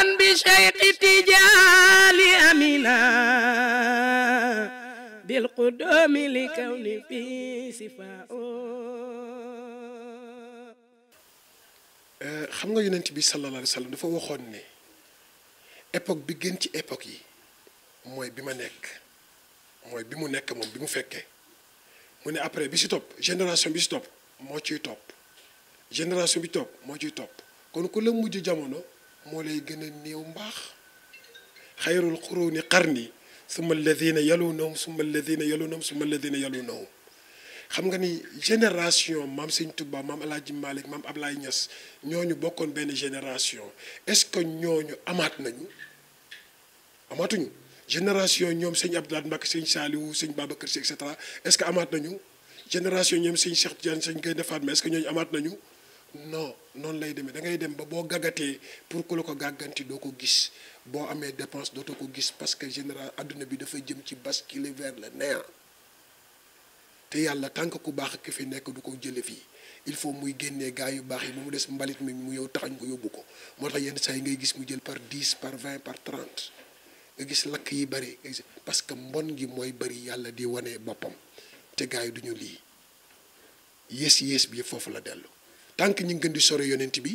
an bi Cheikh Tijaani amina bil qudumi li kawni eh, xam nga yonent bi sallallahu alayhi wa sallam dafa waxoon ne époque bi gën ci époque yi mooy bi ma nekk mooy bi mu nekk moom bi mu fekkee mu ne après bi si topp génération bi si topp moo ciy topp génération bi topp moo ciy topp kon ku la mujj jamono moo lay gën a néew mbaax xayrul quruni qarni summa alladina yalunahum summa alladina yalunahum summa alladina yalunahum xam nga ni génération maam Sëñ Touba maam El Hadj Malick maam ñas ñoo ñu bokkoon benn génération est-ce que ñooñu amaat nañu amaatuñu génération ñoom sëñ Abdou Lahad Mbacké sëñ Saliou sëñ Babacar Sy et est-ce que amaat nañu génération ñoom sëñ Cheikh Tidiane sëñ Gaynde Fatma est-ce que ñooñu amaat nañu. non noonu lay demee da ngay dem ba boo gàggatee pour ku la ko gàgganti doo ko gis boo amee dépense dootoo ko gis parce que général àdduna bi dafa jëm ci basculer vers la néant te yàlla tànk ku baax ki fi nekk du ko jële fii il faut muy génnee gaa yu baax yi ba mu des mbalit mi mu yow taxañ ko yóbbu ko moo tax yenn saa yi ngay gis mu jël par 10 par 20 par 30 nga gis lakk yi bëri parce que mbon gi mooy bëri yàlla di wanee boppam te gaa yi duñu lii yées yées bi foofu la dellu tànk ñu ngi gën di sore yonent bi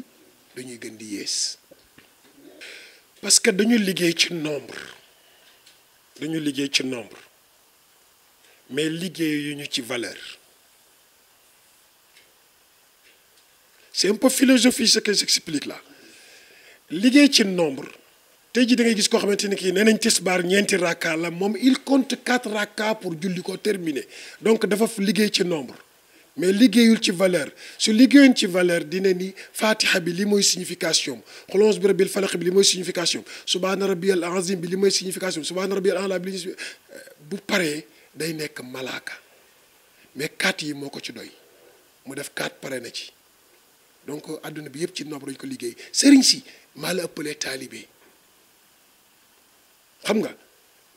dañuy gën di yées parce que dañu liggéey ci nombre dañu liggéey ci nombre mais liggéey yu ñu ci valeur c'est un peu philosophie ce que j'explique là liggéey ci nombre te ji da ngay gis koo xamante ne kii nee nañ tisbaar ñeenti rakka la moom il compte quatre rakka pour julli ko terminer donc dafa liggéey ci nombre mais liggéeyul ci valeur su liggéeyul ci valeur dina ni fatiha bi li mooy signification xulons bi rabbil falaq bi li mooy signification subhaana rabbiyal azim bi li mooy signification subhaana rabbiyal ala bi li bu paree day nekk malaaka mais quatre yi moo ko ci doy mu def quatre pare na ci donc àdduna bi yëpp ci nopp dañu ko liggéey sëriñ si maa la ëppalee taalibe xam nga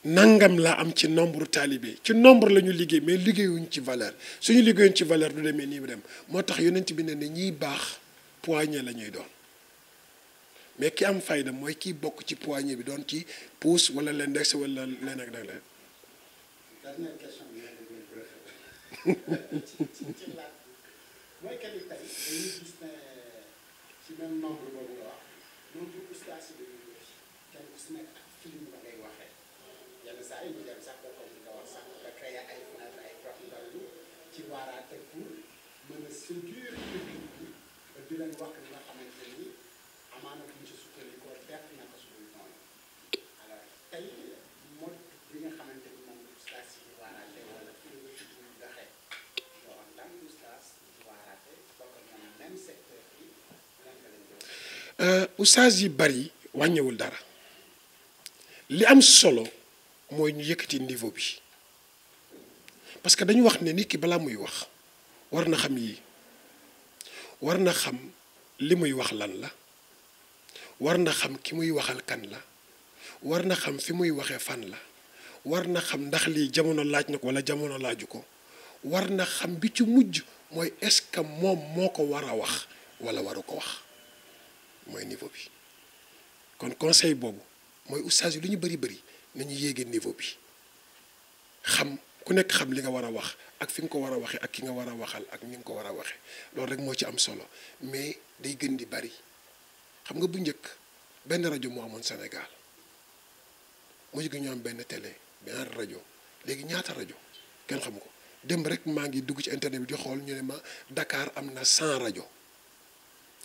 nangam laa am ci nombre taalibe ci nombre la ñu liggéey mais liggéeyuñ ci valeur suñu liggéeyuñ ci valeur du demee nii mu dem moo tax yonent bi ne ne ñiy baax poignée la ñuy doon mais ki am fayda mooy kiy bokk ci poignée bi doon ci pouce wala l'index wala leneen ak leneen. si nekk ak film yenn a séduire public bi yi waaraate wala yi bari wàññewul dara li am solo. mooy ñu yëkkati niveau bi parce que dañu wax ne nit ki balaa muy wax war na xam yii war na xam li muy wax lan la war na xam ki muy waxal kan la war na xam fi muy waxee fan la war na xam ndax lii jamono laaj na ko walla jamono laaju ko war na xam bi ci mujj mooy est moom moo ko war a wax walla waru ko wax mooy niveau bi kon conseil boobu mooy ustaas yi lu ñu bari bari nañu yéegee niveau bi xam ku nekk xam li nga war a wax ak fi nga ko war a waxee ak ki nga war a waxal ak ni nga ko war a waxee loolu rek moo ci am solo mais day gën di bari xam nga bu njëkk benn rajo moo amoon Sénégal mujj gi ñu am benn télé benn rajo léegi ñaata rajo kenn xam ko dem rek maa ngi dugg ci internet bi di xool ñu ne ma dakaar am na 100 rajo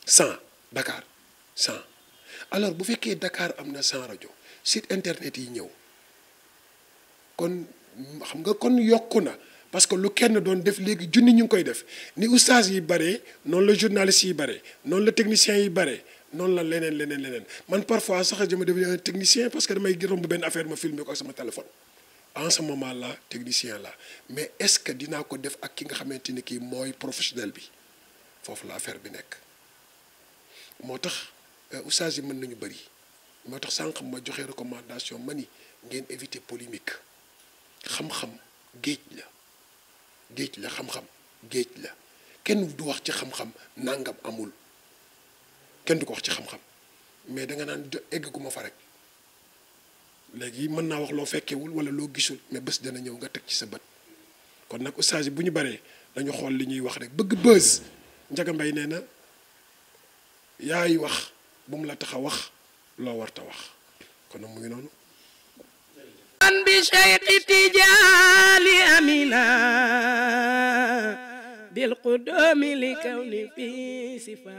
100 dakaar 100 alors bu fekkee dakaar am na 100 rajo site internet yi ñëw. kon xam nga kon yokku na parce que lu kenn doon def léegi junni ñu ngi koy def ni oustaz yi bare noonu la journaliste yi bare noonu la technicien yi bare noonu la leneen leneen leneen man parfois sax je me deviens un technicien parce que damay romb benn affaire ma filmer ko ak sama téléphone. en ce moment là technicien la mais est-ce que dinaa ko def ak ki nga xamante ni kii mooy professionnel bi foofu la affaire bi nekk moo tax euh, oustaz yi mën nañu bëri moo tax sànq ma joxe recommandation ma ni ngeen éviter polémique. xam-xam géej la géej la xam-xam géej la kenn du wax ci xam-xam nangam amul kenn du ko wax ci xam-xam mais da nga naan egguma fa rek léegi mën naa wax loo fekkewul wala loo gisul mais bés dana ñëw nga teg ci sa bët kon nag ustaas yi bu ñu baree dañu xool li ñuy wax rek bëgg bës njaga mbay nee na yaay wax bu mu la tax a wax loo warta wax kon nag mu ngi noonu an bi Cheikh Tijaani amina bil qudumi li kawni fi sifa